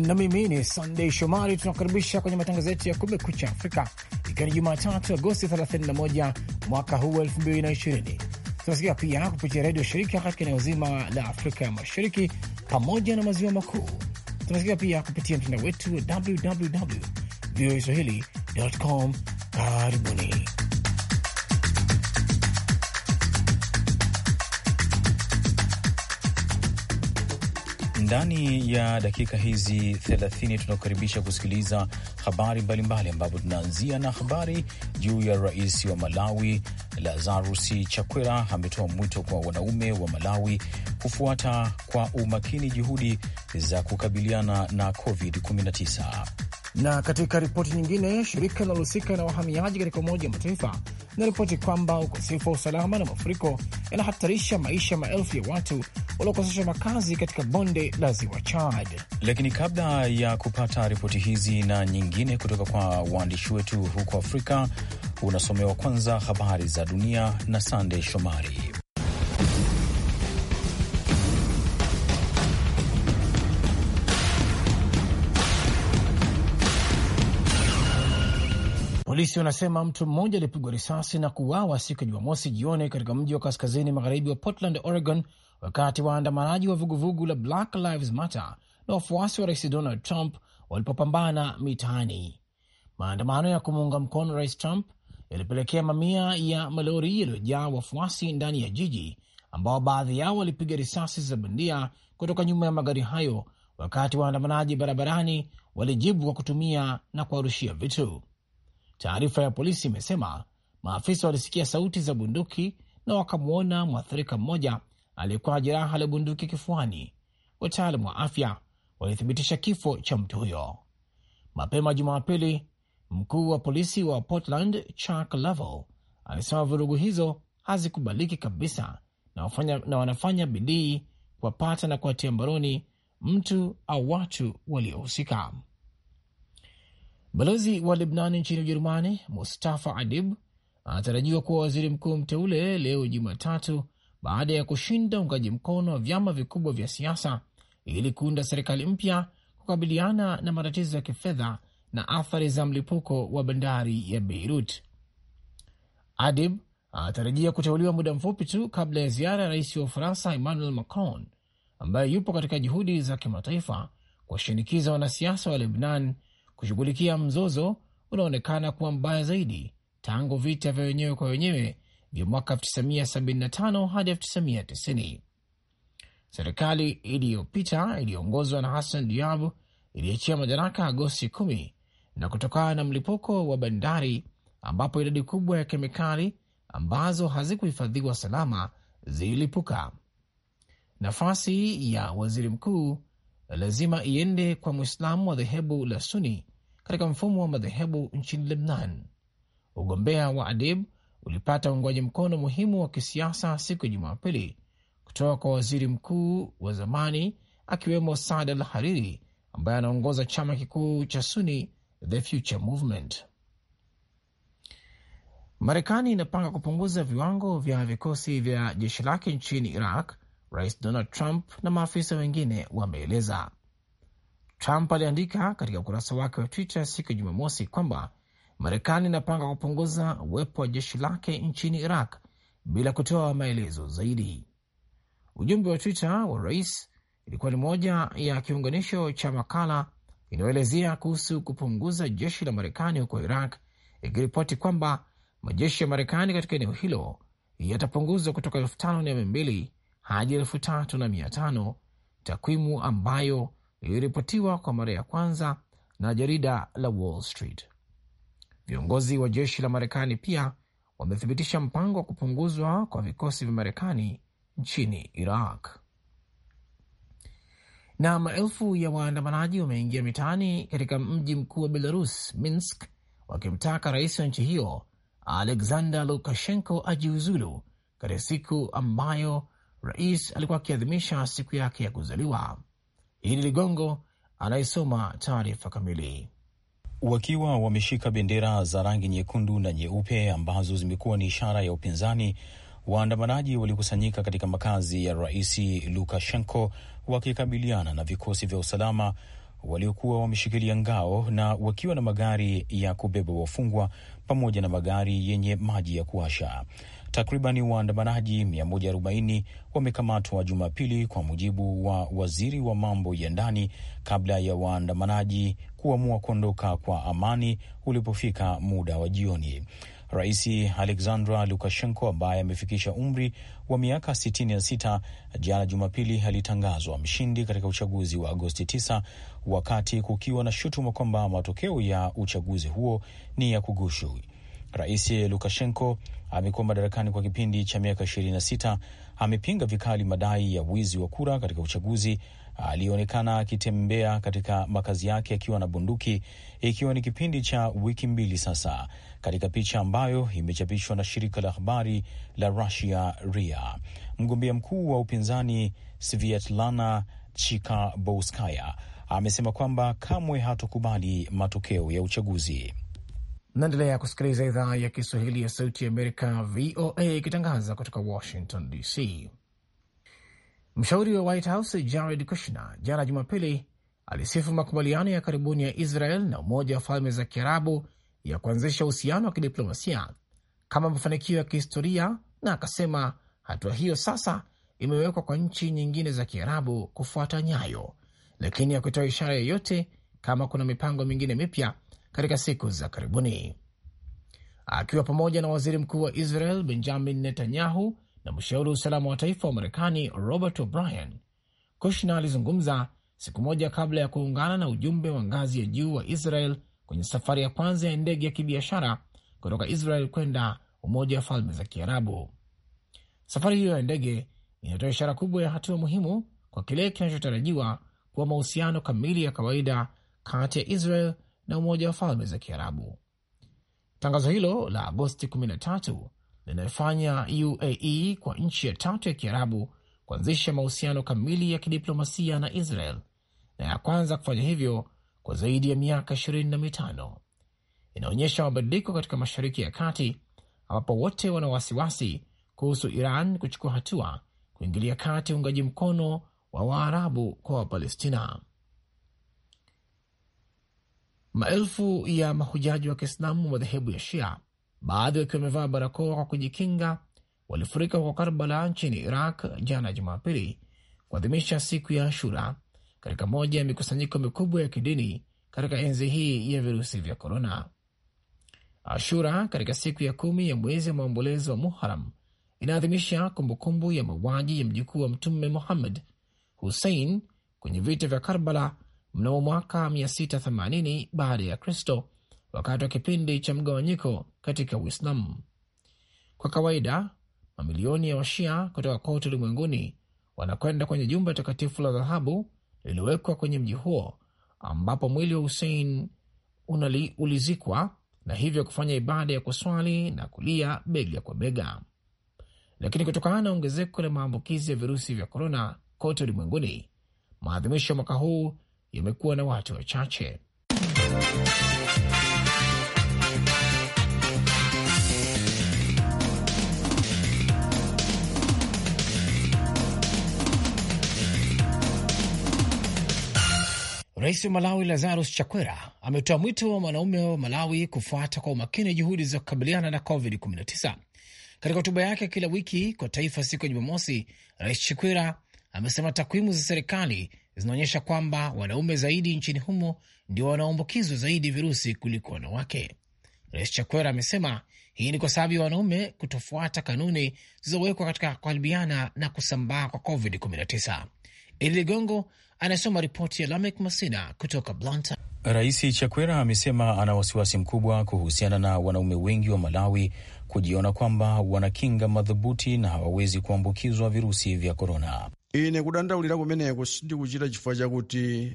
na mimi ni Sandey Shomari. Tunakukaribisha kwenye matangazo yetu ya Kumekucha Afrika, ikiwa ni Jumatatu Agosti 31 mwaka huu 2020. Tunasikia pia kupitia redio shirika katika eneo zima la Afrika ya Mashariki pamoja na maziwa makuu. Tunasikia pia kupitia mtandao wetu wa www voa swahili.com. Karibuni. ndani ya dakika hizi 30 tunakukaribisha kusikiliza habari mbalimbali, ambapo tunaanzia na habari juu ya rais wa Malawi Lazarus Chakwera ametoa mwito kwa wanaume wa Malawi kufuata kwa umakini juhudi za kukabiliana na COVID-19. Na katika ripoti nyingine, shirika linalohusika na wahamiaji katika Umoja wa Mataifa inaripoti kwamba ukosefu wa usalama na mafuriko yanahatarisha maisha maelfu ya watu waliokosesha makazi katika bonde la ziwa Chad. Lakini kabla ya kupata ripoti hizi na nyingine kutoka kwa waandishi wetu huko Afrika, unasomewa kwanza habari za dunia na Sande Shomari. Polisi wanasema mtu mmoja alipigwa risasi na kuuawa siku ya Jumamosi jioni katika mji wa kaskazini magharibi wa Portland, Oregon, wakati waandamanaji wa vuguvugu la Black Lives Matter na wafuasi wa rais Donald Trump walipopambana mitaani. Maandamano ya kumuunga mkono rais Trump yalipelekea mamia ya malori yaliyojaa wafuasi ndani ya jiji, ambao baadhi yao walipiga risasi za bandia kutoka nyuma ya magari hayo, wakati waandamanaji barabarani walijibu kwa kutumia na kuwarushia vitu. Taarifa ya polisi imesema maafisa walisikia sauti za bunduki na wakamwona mwathirika mmoja aliyekuwa na jeraha la bunduki kifuani. Wataalam wa afya walithibitisha kifo cha mtu huyo. Mapema Jumapili, mkuu wa polisi wa Portland Chuck Lovell alisema vurugu hizo hazikubaliki kabisa na, wafanya, na wanafanya bidii kuwapata na kuwatia mbaroni mtu au watu waliohusika. Balozi wa Lebnani nchini Ujerumani, Mustafa Adib, anatarajiwa kuwa waziri mkuu mteule leo Jumatatu baada ya kushinda uungaji mkono wa vyama vikubwa vya siasa ili kuunda serikali mpya kukabiliana na matatizo ya kifedha na athari za mlipuko wa bandari ya Beirut. Adib anatarajia kuteuliwa muda mfupi tu kabla ya ziara ya rais wa Ufaransa Emmanuel Macron ambaye yupo katika juhudi za kimataifa kuwashinikiza wanasiasa wa Lebnan kushughulikia mzozo unaonekana kuwa mbaya zaidi tangu vita vya wenyewe kwa wenyewe vya mwaka 1975 hadi 1990. Serikali iliyopita iliyoongozwa na Hassan Diab iliachia madaraka Agosti 1 na kutokana na mlipuko wa bandari ambapo idadi kubwa ya kemikali ambazo hazikuhifadhiwa salama zililipuka. Nafasi ya waziri mkuu lazima iende kwa Mwislamu wa dhehebu la Suni katika mfumo wa madhehebu nchini Lebnan. Ugombea wa Adib ulipata uungwaji mkono muhimu wa kisiasa siku ya Jumapili kutoka kwa waziri mkuu wa zamani akiwemo Saad al Hariri ambaye anaongoza chama kikuu cha Suni The Future Movement. Marekani inapanga kupunguza viwango vya vikosi vya jeshi lake nchini Iraq Rais Donald Trump na maafisa wengine wameeleza. Trump aliandika katika ukurasa wake wa Twitter siku ya Jumamosi kwamba Marekani inapanga kupunguza uwepo wa jeshi lake nchini Iraq bila kutoa maelezo zaidi. Ujumbe wa Twitter wa rais ilikuwa ni moja ya kiunganisho cha makala inayoelezea kuhusu kupunguza jeshi la Marekani huko Iraq, ikiripoti kwamba majeshi ya Marekani katika eneo hilo yatapunguzwa kutoka elfu tano mia mbili hadi elfu tatu na mia tano takwimu ambayo iliripotiwa kwa mara ya kwanza na jarida la Wall Street. Viongozi wa jeshi la Marekani pia wamethibitisha mpango wa kupunguzwa kwa vikosi vya Marekani nchini Iraq. Na maelfu ya waandamanaji wameingia mitaani katika mji mkuu wa Belarus, Minsk, wakimtaka rais wa nchi hiyo Alexander Lukashenko ajiuzulu katika siku ambayo rais alikuwa akiadhimisha siku yake ya kuzaliwa. hili Ligongo anayesoma taarifa kamili. Wakiwa wameshika bendera za rangi nyekundu na nyeupe ambazo zimekuwa ni ishara ya upinzani, waandamanaji walikusanyika katika makazi ya rais Lukashenko wakikabiliana na vikosi vya usalama waliokuwa wameshikilia ngao na wakiwa na magari ya kubeba wafungwa pamoja na magari yenye maji ya kuasha. Takribani waandamanaji 140 wamekamatwa Jumapili kwa mujibu wa waziri wa mambo ya ndani, kabla ya waandamanaji kuamua kuondoka kwa amani ulipofika muda wa jioni. Rais Alexandra Lukashenko ambaye amefikisha umri wa miaka 66 jana Jumapili alitangazwa mshindi katika uchaguzi wa Agosti 9 wakati kukiwa na shutuma kwamba matokeo ya uchaguzi huo ni ya kugushu. Rais Lukashenko amekuwa madarakani kwa kipindi cha miaka 26. Amepinga vikali madai ya wizi wa kura katika uchaguzi. Alionekana akitembea katika makazi yake akiwa na bunduki, ikiwa ni kipindi cha wiki mbili sasa, katika picha ambayo imechapishwa na shirika la habari la Russia RIA. Mgombea mkuu wa upinzani Svietlana Chikabouskaya amesema kwamba kamwe hatokubali matokeo ya uchaguzi. Naendelea kusikiliza idhaa ya Kiswahili ya Sauti ya Amerika, VOA, ikitangaza kutoka Washington DC. Mshauri wa White House Jared Kushner jana Jumapili alisifu makubaliano ya karibuni ya Israel na Umoja wa Falme za Kiarabu ya kuanzisha uhusiano wa kidiplomasia kama mafanikio ya kihistoria, na akasema hatua hiyo sasa imewekwa kwa nchi nyingine za Kiarabu kufuata nyayo, lakini hakutoa ishara yoyote kama kuna mipango mingine mipya katika siku za karibuni. Akiwa pamoja na waziri mkuu wa Israel Benjamin Netanyahu na mshauri wa usalama wa taifa wa Marekani Robert O'Brien, Kushna alizungumza siku moja kabla ya kuungana na ujumbe wa ngazi ya juu wa Israel kwenye safari ya kwanza ya ndege ya kibiashara kutoka Israel kwenda Umoja wa Falme za Kiarabu. Safari hiyo ya ndege inatoa ishara kubwa ya hatua muhimu kwa kile kinachotarajiwa kuwa mahusiano kamili ya kawaida kati ya Israel na Umoja wa Falme za Kiarabu. Tangazo hilo la Agosti 13 linayofanya UAE kwa nchi ya tatu ya Kiarabu kuanzisha mahusiano kamili ya kidiplomasia na Israel na ya kwanza kufanya hivyo kwa zaidi ya miaka ishirini na mitano inaonyesha mabadiliko katika Mashariki ya Kati ambapo wote wana wasiwasi kuhusu Iran kuchukua hatua kuingilia kati uungaji mkono wa Waarabu kwa Wapalestina. Maelfu ya mahujaji wa Kiislamu wa madhehebu ya Shia, baadhi wakiwa wamevaa barakoa kwa kujikinga, walifurika huko Karbala nchini Iraq jana Jumapili kuadhimisha siku ya Ashura katika moja ya mikusanyiko mikubwa ya kidini katika enzi hii ya virusi vya korona. Ashura katika siku ya kumi ya mwezi wa maombolezo wa Muharam inaadhimisha kumbukumbu ya mauaji ya mjukuu wa Mtume Muhammad Hussein kwenye vita vya Karbala mnamo mwaka 680 baada ya Kristo, wakati wa kipindi cha mgawanyiko katika Uislamu. Kwa kawaida mamilioni ya Washia kutoka kote ulimwenguni wanakwenda kwenye jumba takatifu la dhahabu lililowekwa kwenye mji huo ambapo mwili wa Hussein unali, ulizikwa na hivyo kufanya ibada ya kuswali na kulia bega kwa bega lakini kutokana na ongezeko la maambukizi ya virusi vya korona kote ulimwenguni, maadhimisho ya mwaka huu yamekuwa na watu wachache. Rais wa Malawi Lazarus Chakwera ametoa mwito wa mwanaume wa Malawi kufuata kwa umakini juhudi za kukabiliana na COVID-19 katika hotuba yake kila wiki kwa taifa siku ya Jumamosi, Rais Chikwera amesema takwimu za serikali zinaonyesha kwamba wanaume zaidi nchini humo ndio wanaoambukizwa zaidi virusi kuliko wanawake. Rais Chakwera amesema hii ni kwa sababu ya wanaume kutofuata kanuni zilizowekwa katika kukaribiana na kusambaa kwa COVID-19. Eli Ligongo anasoma ripoti ya Lamek Masina kutoka Blanta. Rais Chakwera amesema ana wasiwasi mkubwa kuhusiana na wanaume wengi wa Malawi kujiona kwamba wana kinga madhubuti na hawawezi kuambukizwa virusi vya korona. ine kudandaulira kumeneko sindi kuchita chifukwa chakuti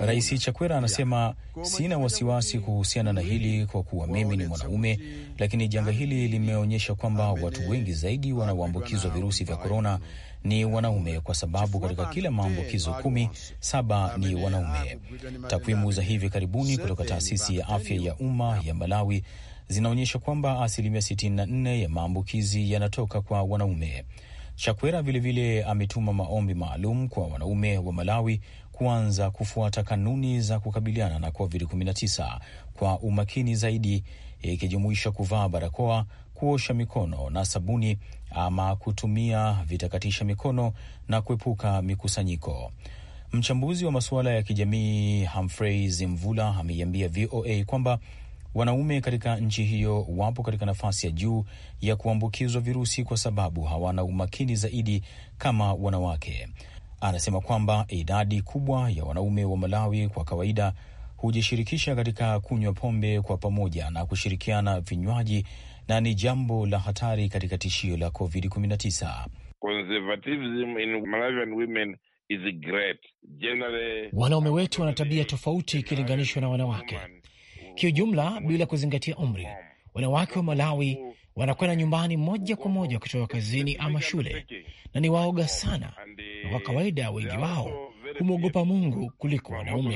Rais Chakwera anasema sina wasiwasi kuhusiana na hili kwa kuwa mimi ni mwanaume, lakini janga hili limeonyesha kwamba watu wengi zaidi wanaoambukizwa virusi vya korona ni wanaume, kwa sababu katika kila maambukizo kumi, saba ni wanaume. Takwimu za hivi karibuni kutoka taasisi ya afya ya umma ya Malawi zinaonyesha kwamba asilimia 64 ya maambukizi yanatoka kwa wanaume. Chakwera vilevile ametuma maombi maalum kwa wanaume wa Malawi kuanza kufuata kanuni za kukabiliana na COVID-19 kwa umakini zaidi, ikijumuisha kuvaa barakoa, kuosha mikono na sabuni ama kutumia vitakatisha mikono na kuepuka mikusanyiko. Mchambuzi wa masuala ya kijamii Humphrey Zimvula ameiambia VOA kwamba Wanaume katika nchi hiyo wapo katika nafasi ya juu ya kuambukizwa virusi kwa sababu hawana umakini zaidi kama wanawake. Anasema kwamba idadi kubwa ya wanaume wa Malawi kwa kawaida hujishirikisha katika kunywa pombe kwa pamoja na kushirikiana vinywaji na ni jambo la hatari katika tishio la COVID-19. Conservatism in Malawian women is great. Generally... wanaume wetu wana tabia tofauti ikilinganishwa na wanawake Kiujumla, bila kuzingatia umri, wanawake wa Malawi wanakwenda nyumbani moja kwa moja wakitoka kazini ama shule, na ni waoga sana, na kwa kawaida wengi wao kumwogopa Mungu kuliko wanaume.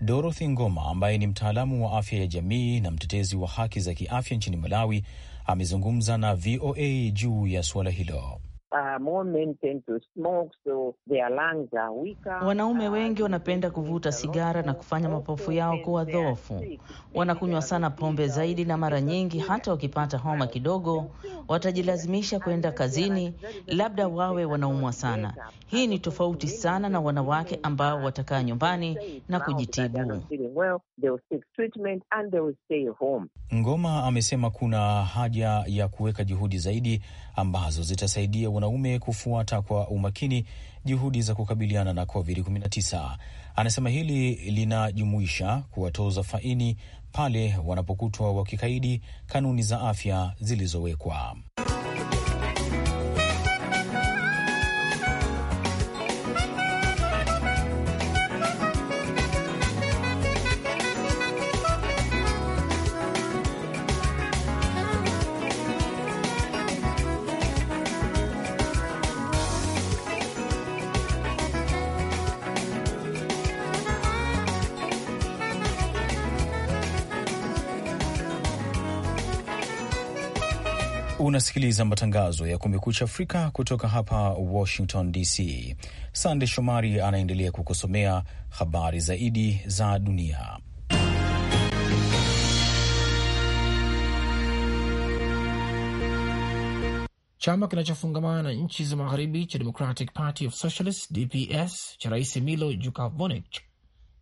Dorothy Ngoma ambaye ni mtaalamu wa afya ya jamii na mtetezi wa haki za kiafya nchini Malawi amezungumza na VOA juu ya suala hilo. Uh, Wanaume uh, wengi wanapenda kuvuta sigara na kufanya mapafu yao kuwa dhoofu. Wanakunywa sana pombe zaidi, na mara nyingi hata wakipata homa kidogo watajilazimisha kwenda kazini, labda wawe wanaumwa sana. Hii ni tofauti sana na wanawake ambao watakaa nyumbani na kujitibu. Ngoma amesema kuna haja ya kuweka juhudi zaidi ambazo zitasaidia mwanaume kufuata kwa umakini juhudi za kukabiliana na COVID-19. Anasema hili linajumuisha kuwatoza faini pale wanapokutwa wakikaidi kanuni za afya zilizowekwa. unasikiliza matangazo ya Kumekucha Afrika kutoka hapa Washington DC. Sande Shomari anaendelea kukusomea habari zaidi za dunia. Chama kinachofungamana na nchi za magharibi cha Democratic Party of Socialists DPS cha Rais Milo jukavonich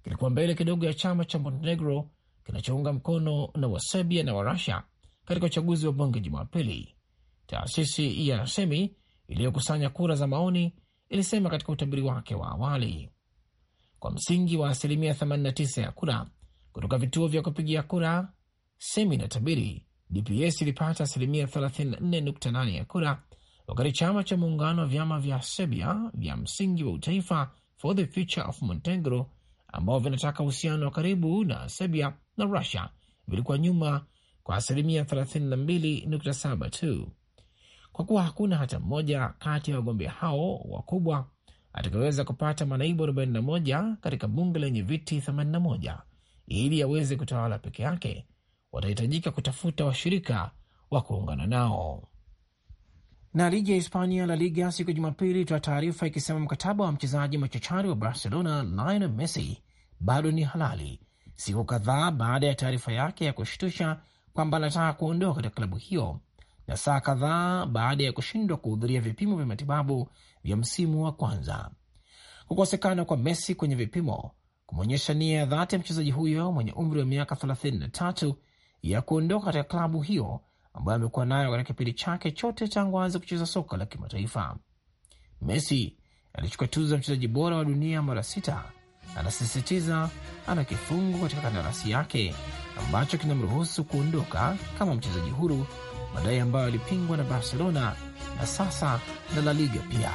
kilikuwa mbele kidogo ya chama cha Montenegro kinachounga mkono na Waserbia na Warusia katika uchaguzi wa bunge Jumapili, Taasisi ya Rasemi iliyokusanya kura za maoni ilisema katika utabiri wake wa awali, kwa msingi wa asilimia 89 ya kura kutoka vituo vya kupigia kura. Semi na tabiri DPS ilipata asilimia 34.8 ya kura, wakati chama cha muungano wa vyama vya Serbia vya msingi wa utaifa for the future of Montenegro ambao vinataka uhusiano wa karibu na Serbia na Russia vilikuwa nyuma kwa asilimia 32.7 tu kwa kuwa hakuna hata mmoja kati ya wagombea hao wakubwa atakaweza kupata manaibu 41 katika bunge lenye viti 81. Ili aweze kutawala peke yake, watahitajika kutafuta washirika wa kuungana nao. Na ligi ya Hispania, La Liga, siku ya Jumapili toa taarifa ikisema mkataba wa mchezaji machachari wa Barcelona Lionel Messi bado ni halali, siku kadhaa baada ya taarifa yake ya kushtusha kwamba anataka kuondoka katika klabu hiyo na saa kadhaa baada ya kushindwa kuhudhuria vipimo vya matibabu vya msimu wa kwanza. Kukosekana kwa Messi kwenye vipimo kumeonyesha nia ya dhati ya mchezaji huyo mwenye umri wa miaka 33 ya kuondoka katika klabu hiyo ambayo amekuwa nayo katika kipindi chake chote tangu aanze kucheza soka la kimataifa. Messi alichukua tuzo ya mchezaji bora wa dunia mara sita. Anasisitiza ana kifungu katika kandarasi yake ambacho kinamruhusu kuondoka kama mchezaji huru madai ambayo yalipingwa na Barcelona na sasa na La Liga pia.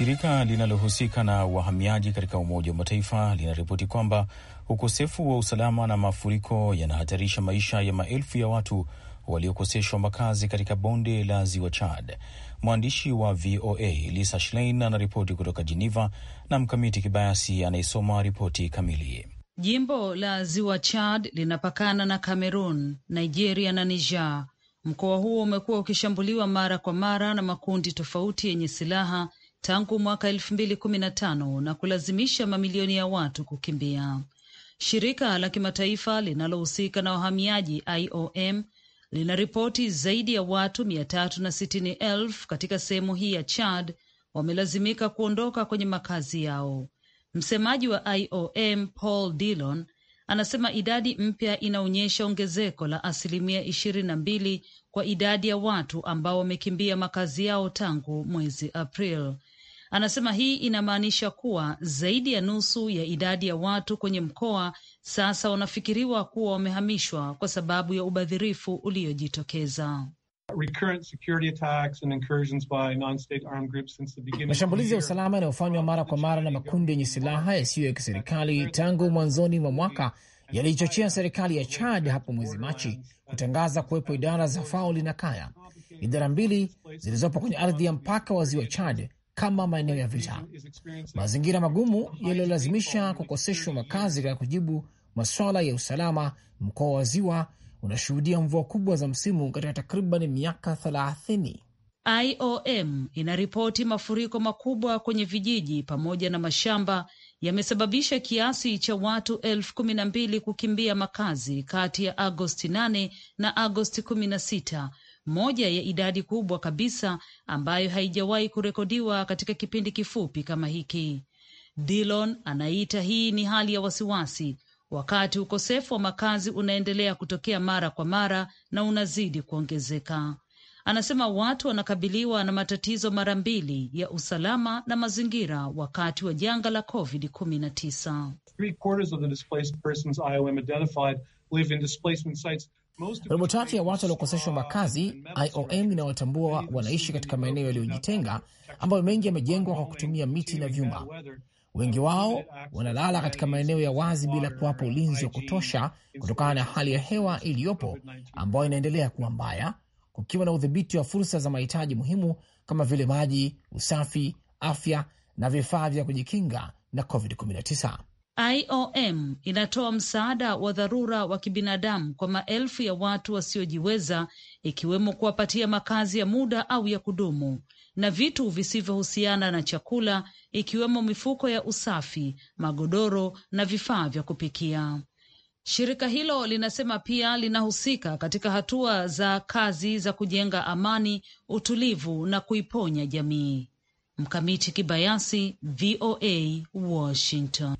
Shirika linalohusika na wahamiaji katika Umoja wa Mataifa linaripoti kwamba ukosefu wa usalama na mafuriko yanahatarisha maisha ya maelfu ya watu waliokoseshwa makazi katika bonde la ziwa Chad. Mwandishi wa VOA Lisa Schlein anaripoti kutoka Jeneva na Mkamiti Kibayasi anayesoma ripoti kamili. Jimbo la ziwa Chad linapakana na Cameroon, Nigeria na Niger. Mkoa huo umekuwa ukishambuliwa mara kwa mara na makundi tofauti yenye silaha tangu mwaka elfu mbili kumi na tano na kulazimisha mamilioni ya watu kukimbia. Shirika la kimataifa linalohusika na wahamiaji IOM ripoti zaidi ya watu mia tatu na sitini elfu katika sehemu hii ya Chad wamelazimika kuondoka kwenye makazi yao. Msemaji wa IOM Paul Dillon anasema idadi mpya inaonyesha ongezeko la asilimia ishirini na mbili kwa idadi ya watu ambao wamekimbia makazi yao tangu mwezi April. Anasema hii inamaanisha kuwa zaidi ya nusu ya idadi ya watu kwenye mkoa sasa wanafikiriwa kuwa wamehamishwa kwa sababu ya ubadhirifu uliojitokeza. Mashambulizi ya usalama yanayofanywa mara kwa mara na makundi yenye silaha yasiyo ya kiserikali tangu mwanzoni mwa mwaka yaliichochea serikali ya Chad hapo mwezi Machi kutangaza kuwepo idara za Fauli na Kaya, idara mbili zilizopo kwenye ardhi ya mpaka wa ziwa Chad kama maeneo ya vita, mazingira magumu yaliyolazimisha kukoseshwa makazi katika kujibu masuala ya usalama. Mkoa wa Ziwa unashuhudia mvua kubwa za msimu katika takriban miaka thelathini. IOM inaripoti mafuriko makubwa kwenye vijiji pamoja na mashamba yamesababisha kiasi cha watu elfu kumi na mbili kukimbia makazi kati ya Agosti 8 na Agosti moja ya idadi kubwa kabisa ambayo haijawahi kurekodiwa katika kipindi kifupi kama hiki. Dillon anaita hii ni hali ya wasiwasi, wakati ukosefu wa makazi unaendelea kutokea mara kwa mara na unazidi kuongezeka. Anasema watu wanakabiliwa na matatizo mara mbili ya usalama na mazingira wakati wa janga la COVID-19. Robo tatu ya watu waliokoseshwa makazi, IOM inawatambua wanaishi katika maeneo yaliyojitenga ambayo mengi yamejengwa kwa kutumia miti na vyuma. Wengi wao wanalala katika maeneo ya wazi bila kuwapa ulinzi wa kutosha kutokana na hali ya hewa iliyopo ambayo inaendelea kuwa mbaya, kukiwa na udhibiti wa fursa za mahitaji muhimu kama vile maji, usafi, afya na vifaa vya kujikinga na COVID-19. IOM inatoa msaada wa dharura wa kibinadamu kwa maelfu ya watu wasiojiweza ikiwemo kuwapatia makazi ya muda au ya kudumu na vitu visivyohusiana na chakula ikiwemo mifuko ya usafi, magodoro na vifaa vya kupikia. Shirika hilo linasema pia linahusika katika hatua za kazi za kujenga amani, utulivu na kuiponya jamii. Mkamiti Kibayasi, VOA, Washington.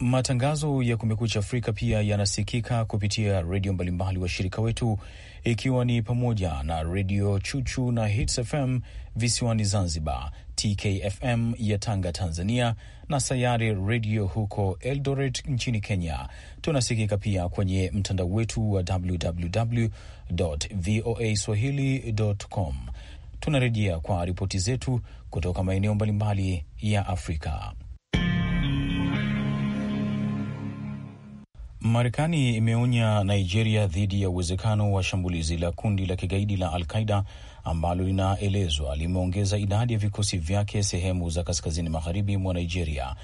Matangazo ya Kumekucha Afrika pia yanasikika kupitia redio mbalimbali washirika wetu, ikiwa ni pamoja na Redio Chuchu na Hits FM visiwani Zanzibar, TKFM ya Tanga, Tanzania, na Sayare Redio huko Eldoret nchini Kenya. Tunasikika pia kwenye mtandao wetu wa www voa swahili com. Tunarejea kwa ripoti zetu kutoka maeneo mbalimbali ya Afrika. Marekani imeonya Nigeria dhidi ya uwezekano wa shambulizi la kundi la kigaidi la Al Qaida ambalo linaelezwa limeongeza idadi ya vikosi vyake sehemu za kaskazini magharibi mwa Nigeria.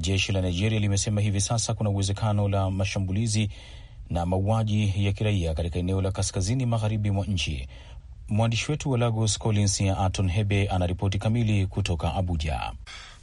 Jeshi la Nigeria limesema hivi sasa kuna uwezekano la mashambulizi na mauaji ya kiraia katika eneo la kaskazini magharibi mwa nchi. Mwandishi wetu wa Lagos, Collins Aton Hebe, anaripoti kamili kutoka Abuja.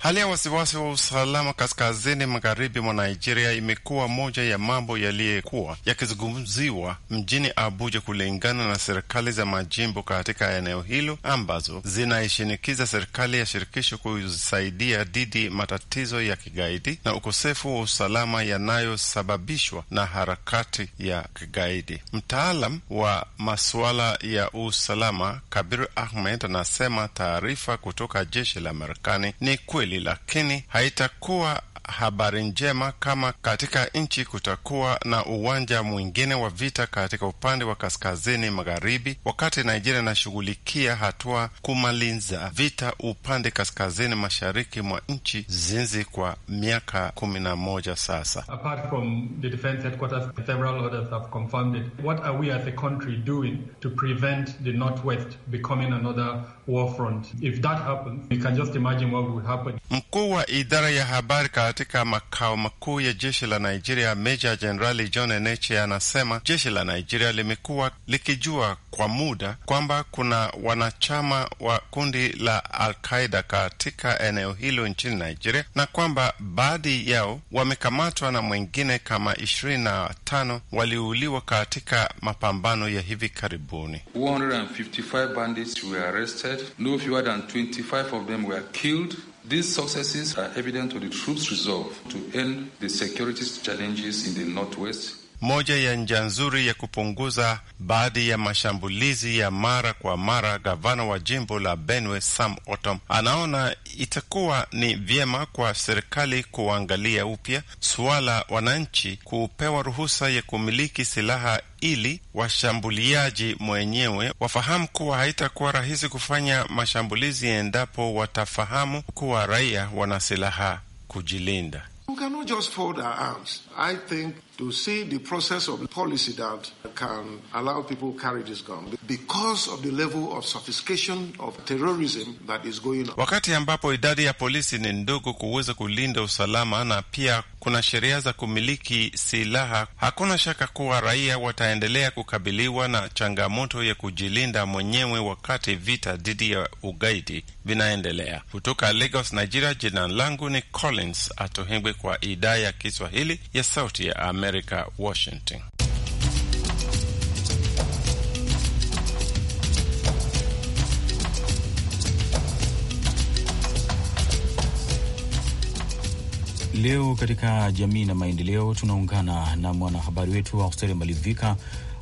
Hali ya wasiwasi wa usalama kaskazini magharibi mwa Nigeria imekuwa moja ya mambo yaliyekuwa yakizungumziwa mjini Abuja, kulingana na serikali za majimbo katika eneo hilo ambazo zinaishinikiza serikali ya shirikisho kusaidia dhidi matatizo ya kigaidi na ukosefu wa usalama yanayosababishwa na harakati ya kigaidi. Mtaalam wa masuala ya usalama Kabir Ahmed anasema taarifa kutoka jeshi la Marekani ni kweli mbili, lakini haitakuwa habari njema kama katika nchi kutakuwa na uwanja mwingine wa vita katika upande wa kaskazini magharibi, wakati Nigeria inashughulikia hatua kumaliza vita upande kaskazini mashariki mwa nchi zinzi kwa miaka kumi na moja sasa. What are we as a country doing to prevent the Northwest becoming another war front. If that happens, can just imagine what will happen. Mkuu wa idara ya habari katika makao makuu ya jeshi la Nigeria, Meja Jenerali John Eneche anasema jeshi la Nigeria limekuwa likijua kwa muda kwamba kuna wanachama wa kundi la Al-Qaida katika eneo hilo nchini Nigeria na kwamba baadhi yao wamekamatwa na mwengine kama ishirini na tano waliuliwa katika mapambano ya hivi karibuni. bandits were arrested. arrested, no fewer than 25 of them were killed. These successes are evident to the troops' resolve to end the security challenges in the Northwest moja ya njia nzuri ya kupunguza baadhi ya mashambulizi ya mara kwa mara. Gavana wa jimbo la Benwe Sam Otom anaona itakuwa ni vyema kwa serikali kuangalia upya suala wananchi kupewa ruhusa ya kumiliki silaha ili washambuliaji mwenyewe wafahamu kuwa haitakuwa rahisi kufanya mashambulizi endapo watafahamu kuwa raia wana silaha kujilinda to see the process of policy that can allow people carry this gun because of the level of sophistication of terrorism that is going on. Wakati ambapo idadi ya polisi ni ndogo kuweza kulinda usalama na pia kuna sheria za kumiliki silaha, hakuna shaka kuwa raia wataendelea kukabiliwa na changamoto ya kujilinda mwenyewe wakati vita dhidi ya ugaidi vinaendelea. Kutoka Lagos, Nigeria, jina langu ni Collins Atohengwe kwa idhaa ya Kiswahili ya Sauti ya Amerika. America, Washington. Leo katika jamii na maendeleo tunaungana na mwanahabari wetu wa Australia Malivika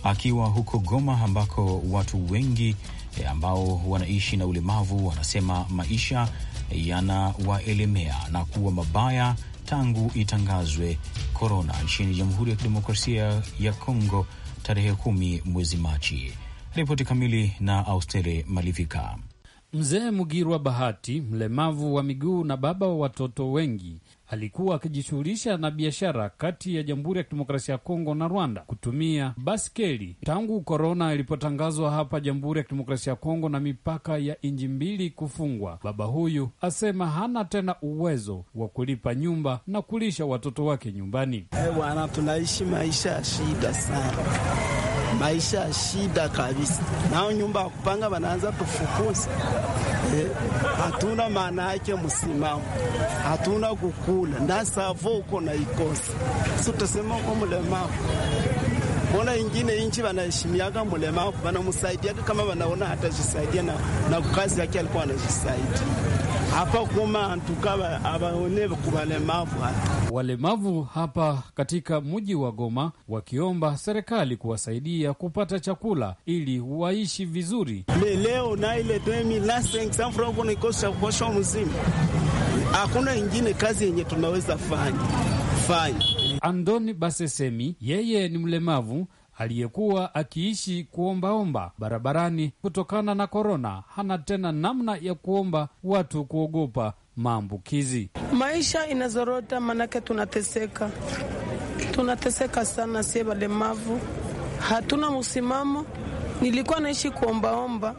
akiwa huko Goma ambako watu wengi e, ambao wanaishi na ulemavu wanasema maisha yanawaelemea na kuwa mabaya tangu itangazwe korona nchini Jamhuri ya Kidemokrasia ya Kongo tarehe kumi mwezi Machi. Ripoti kamili na Austere Malivika. Mzee Mugirwa Bahati, mlemavu wa miguu na baba wa watoto wengi, alikuwa akijishughulisha na biashara kati ya Jamhuri ya Kidemokrasia ya Kongo na Rwanda kutumia baskeli tangu korona ilipotangazwa hapa Jamhuri ya Kidemokrasia ya Kongo na mipaka ya nchi mbili kufungwa. Baba huyu asema hana tena uwezo wa kulipa nyumba na kulisha watoto wake nyumbani. Hey, eh, wana tunaishi maisha ya shida sana maisha shida kabisa, nao nyumba ya kupanga wanaanza kufukuza. Eh, hatuna maana yake msimamo, hatuna kukula na savo uko na ikosa, si tutasema uko mlemavu. Mbona ingine inchi wanaheshimiaga mlemavu, wanamusaidiaga kama wanaona jisaidia na, na kazi yake alikuwa anajisaidia hapa kuma antuka abaone kubalemavu. Walemavu hapa katika mji wa Goma wakiomba serikali kuwasaidia kupata chakula ili waishi vizuri. Leo na ile 2500 francs kunaikosha kosha mzima, hakuna ingine kazi yenye tunaweza fanya fanya. Andoni Basesemi yeye ni mlemavu aliyekuwa akiishi kuombaomba barabarani kutokana na korona hana tena namna ya kuomba watu kuogopa maambukizi. Maisha inazorota, maanake tunateseka, tunateseka sana, sie walemavu hatuna msimamo. Nilikuwa naishi kuombaomba,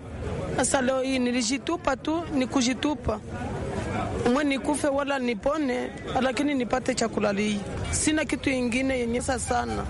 sasa leo hii nilijitupa tu, ni kujitupa mwe nikufe wala nipone, lakini nipate chakula. Lii sina kitu ingine yenyesa sana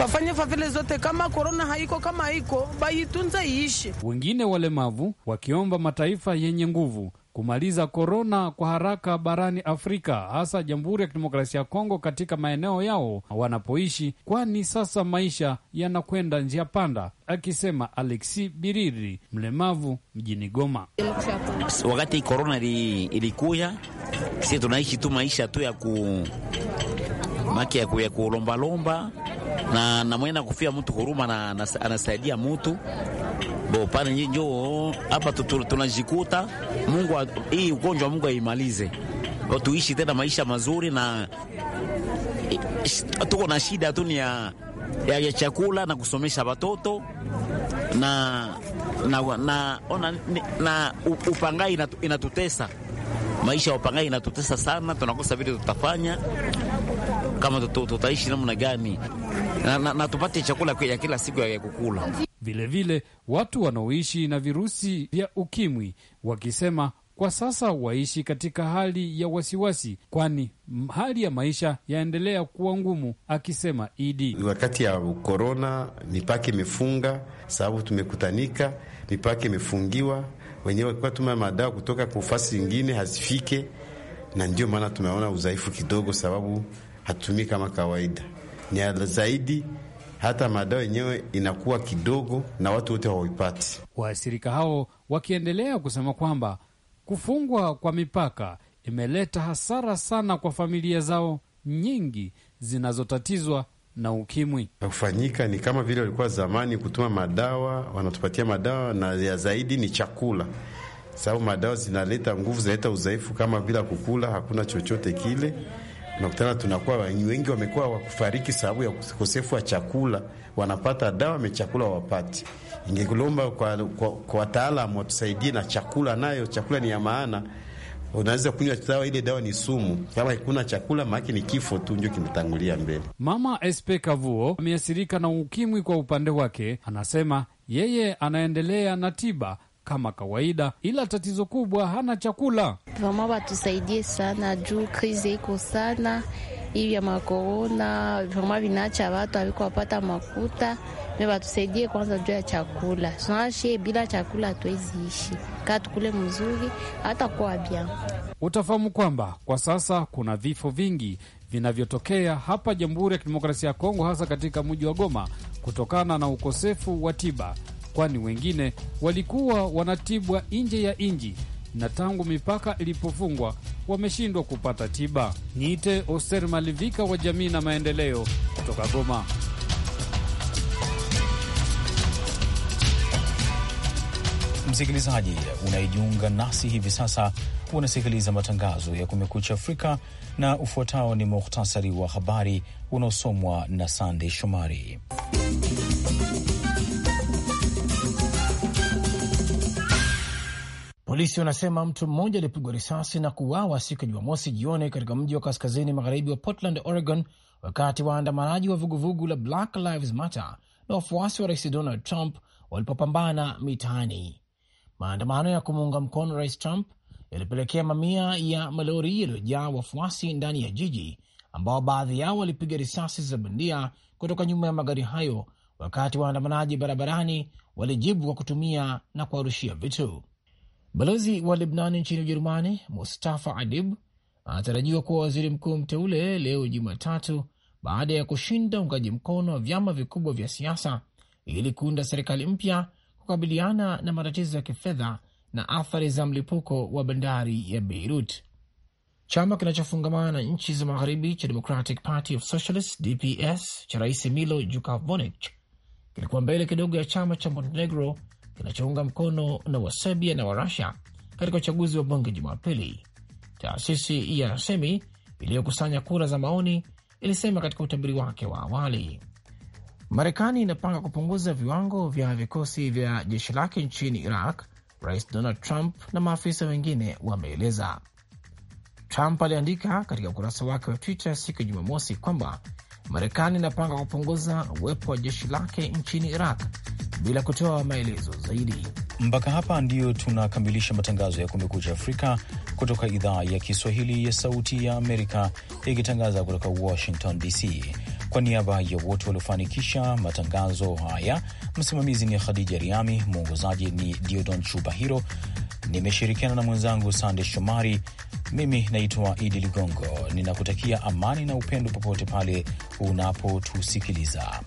wafanye fadhili zote, kama korona haiko kama iko baitunze iishi Wengine walemavu wakiomba mataifa yenye nguvu kumaliza korona kwa haraka barani Afrika, hasa Jamhuri ya Kidemokrasia ya Kongo katika maeneo yao wanapoishi, kwani sasa maisha yanakwenda njia panda, akisema Alexi Biriri, mlemavu mjini Goma. Wakati korona ilikuya, si tunaishi tu maisha tu ya ku make ya kulombalomba na namwenda kufia mtu huruma na, anasaidia mtu bo pale njoo hapa tunajikuta. Mungu hii ugonjwa Mungu aimalize, tuishi tena maisha mazuri, na tuko na shida tu ni ya, ya, ya chakula na kusomesha watoto na, na, na, ona, na upangai inatutesa, maisha ya upangai inatutesa sana, tunakosa vile tutafanya kama tutaishi namna gani na, na, na tupate chakula ya kila siku ya kukula. Vilevile watu wanaoishi na virusi vya ukimwi wakisema kwa sasa waishi katika hali ya wasiwasi, kwani hali ya maisha yaendelea kuwa ngumu, akisema Idi. Wakati ya korona mipaka imefunga, sababu tumekutanika, mipaka imefungiwa, wenyewe walikuwa tuma madawa kutoka ufasi zingine hazifike, na ndio maana tumeona udhaifu kidogo, sababu hatumii kama kawaida, ni zaidi hata madawa yenyewe inakuwa kidogo na watu wote hawaipati. Waathirika hao wakiendelea kusema kwamba kufungwa kwa mipaka imeleta hasara sana kwa familia zao nyingi zinazotatizwa na ukimwi. Kufanyika ni kama vile walikuwa zamani kutuma madawa, wanatupatia madawa na ya zaidi ni chakula, sababu madawa zinaleta nguvu, zinaleta udhaifu, kama vile kukula hakuna chochote kile nakutana, tunakuwa wengi wamekuwa wakufariki sababu ya ukosefu wa chakula, wanapata dawa amechakula chakula wapati. Ingekulomba kwa, kwa, kwa wataalamu watusaidie na chakula, nayo chakula ni ya maana. Unaweza kunywa dawa, ile dawa ni sumu. Kama hakuna chakula, maake ni kifo tu ndio kimetangulia mbele. Mama SP Kavuo ameathirika na ukimwi. Kwa upande wake, anasema yeye anaendelea na tiba kama kawaida, ila tatizo kubwa hana chakula. vama watusaidie sana juu krizi iko sana hivi ya makorona, vama vinaacha watu avikowapata makuta me watusaidie kwanza juu ya chakula, tunashie bila chakula hatuwezi ishi, kaa tukule mzuri hata kuwa bia. Utafahamu kwamba kwa sasa kuna vifo vingi vinavyotokea hapa Jamhuri ya Kidemokrasia ya Kongo, hasa katika mji wa Goma kutokana na ukosefu wa tiba kwani wengine walikuwa wanatibwa nje ya nji na tangu mipaka ilipofungwa wameshindwa kupata tiba. Niite Oster Malivika wa jamii na maendeleo kutoka Goma. Msikilizaji unaijiunga nasi hivi sasa, unasikiliza matangazo ya Kumekucha Afrika na ufuatao ni muhtasari wa habari unaosomwa na Sandey Shomari. Polisi wanasema mtu mmoja alipigwa risasi na kuuawa siku ya Jumamosi jioni katika mji wa kaskazini magharibi wa Portland, Oregon, wakati waandamanaji wa vuguvugu la Black Lives Matter na wafuasi wa rais Donald Trump walipopambana mitaani. Maandamano ya kumuunga mkono rais Trump yalipelekea mamia ya malori yaliyojaa wafuasi ndani ya jiji, ambao baadhi yao walipiga risasi za bandia kutoka nyuma ya magari hayo, wakati waandamanaji barabarani walijibu kwa kutumia na kuwarushia vitu. Balozi wa Lebnani nchini Ujerumani, Mustafa Adib, anatarajiwa kuwa waziri mkuu mteule leo Jumatatu baada ya kushinda uungaji mkono wa vyama vikubwa vya siasa ili kuunda serikali mpya kukabiliana na matatizo ya kifedha na athari za mlipuko wa bandari ya Beirut. Chama kinachofungamana na nchi za magharibi cha Democratic Party of Socialists DPS cha rais Milo jukavonich kilikuwa mbele kidogo ya chama cha Montenegro kinachounga mkono na Waserbia na Warusia katika uchaguzi wa bunge Jumapili. Taasisi ya semi iliyokusanya kura za maoni ilisema katika utabiri wake wa awali. Marekani inapanga kupunguza viwango vya vikosi vya jeshi lake nchini Iraq, Rais Donald Trump na maafisa wengine wameeleza. Trump aliandika katika ukurasa wake wa Twitter siku ya Jumamosi kwamba Marekani inapanga kupunguza uwepo wa jeshi lake nchini Iraq bila kutoa maelezo zaidi. Mpaka hapa ndiyo tunakamilisha matangazo ya Kumekucha Afrika kutoka idhaa ya Kiswahili ya Sauti ya Amerika, ikitangaza kutoka Washington DC. Kwa niaba ya wote waliofanikisha matangazo haya, msimamizi ni Khadija Riami, mwongozaji ni Diodon Chubahiro, nimeshirikiana na mwenzangu Sande Shomari. Mimi naitwa Idi Ligongo, ninakutakia amani na upendo popote pale unapotusikiliza.